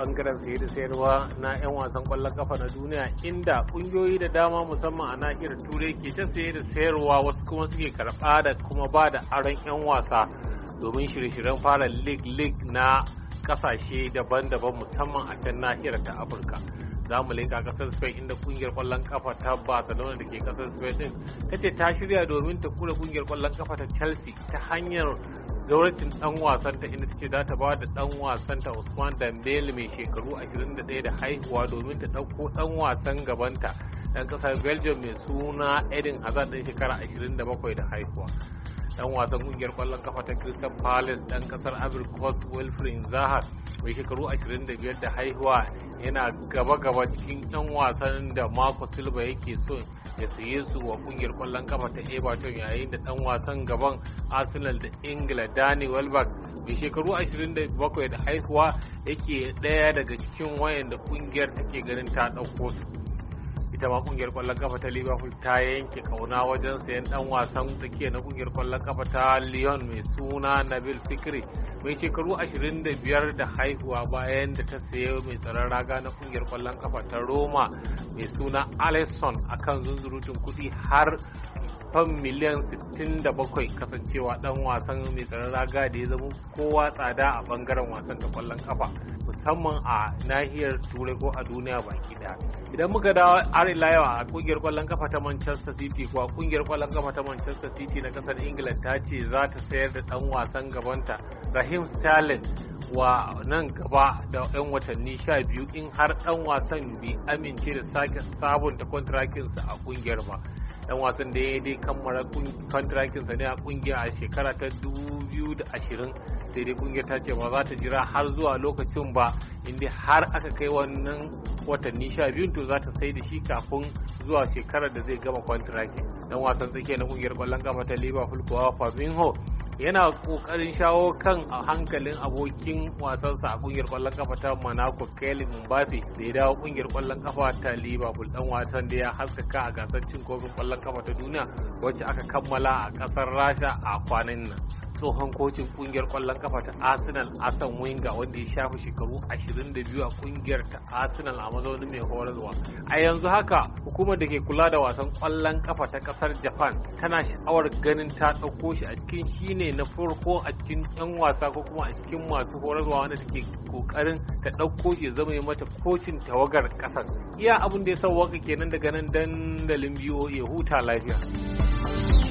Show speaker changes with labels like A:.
A: bangaren saye da sayarwa na 'yan wasan kwallon kafa na duniya inda kungiyoyi da dama musamman a nahiyar turai ke ta saye da sayarwa wasu kuma suke karɓa da kuma ba da aron 'yan wasa domin shirye-shiryen fara lig-lig na kasashe daban-daban musamman a can nahiyar ta afirka za mu leka kasar spain inda kungiyar kwallon kafa ta barcelona da ke kasar spain din ta ce ta shirya domin ta kura kungiyar kwallon kafa ta chelsea ta hanyar gauracin dan wasan ta ina suke za ta ba da dan wasan ta Usman Dambele mai shekaru 21 da haihuwa domin ta dauko dan wasan gabanta dan kasar Belgium mai suna edin Hazard din shekara 27 da haihuwa dan wasan kungiyar kwallon kafa ta Crystal Palace dan kasar Ivory Coast Wilfried Zaha mai shekaru 25 da haihuwa yana gaba-gaba cikin dan wasan da Marco Silva yake so ya saye su wa kungiyar kwallon kafa ta Everton yayin da dan wasan gaban Arsenal da Ingila Danny Welbeck mai shekaru 27 da haihuwa yake daya daga cikin wayan da kungiyar take ganin ta dauko su. ita ma kungiyar kwallon kafa ta liverpool ta yanke kauna wajen sayan dan wasan tsakiya na kungiyar kwallon kafa ta lyon mai suna nabil fikri mai shekaru 25 da haihuwa bayan da ta saye mai tsaron raga na kungiyar kwallon kafa ta roma mai suna a kan zunzurutun kuɗi har fan miliyan 67 kasancewa dan wasan mai tsaron raga da ya zama kowa tsada a bangaren wasan da kwallon kafa musamman a nahiyar turai ko a duniya baki daya idan muka dawo ila yau a kungiyar kwallon kafa ta manchester city a kungiyar kwallon kafa ta manchester city na kasar england ta ce za ta sayar da dan wasan gabanta rahim sterling wa nan gaba da 'yan watanni sha biyu in har dan wasan bai amince da sake sabunta kwantarakinsa a kungiyar ba dan wasan da ya dai kammara kwantarakinsa ne a kungiya a shekara ta 2020 sai dai kungiyar ta ce ba za ta jira har zuwa lokacin ba inda har aka kai wannan watanni sha biyu to za ta sai da shi kafin zuwa shekarar da zai gama kwantarakin dan wasan tsakiya na kungiyar kwallon kafa ta liverpool kuwa fabinho yana kokarin shawo kan a hankalin abokin wasansa a kungiyar kwallon kafa ta Monaco Kylian Mbappe da ya dawo kungiyar kwallon kafa ta Liverpool dan wasan da ya haskaka a gasar cin kofin kwallon kafa ta duniya wacce aka kammala a kasar Rasha a kwanan nan. tsohon kocin kungiyar kwallon kafa ta arsenal asan winga wanda ya shafi shekaru 22 a kungiyar ta arsenal a mazaunin mai horarwa a yanzu haka hukumar da ke kula da wasan kwallon kafa ta kasar japan tana sha'awar ganin ta ɗauko shi a cikin shine na farko a cikin 'yan wasa ko kuma a cikin masu horarwa wanda take kokarin ta ɗauko shi zama yi mata kocin tawagar kasar iya abin da ya waka kenan daga nan dandalin biyo ya huta lafiya.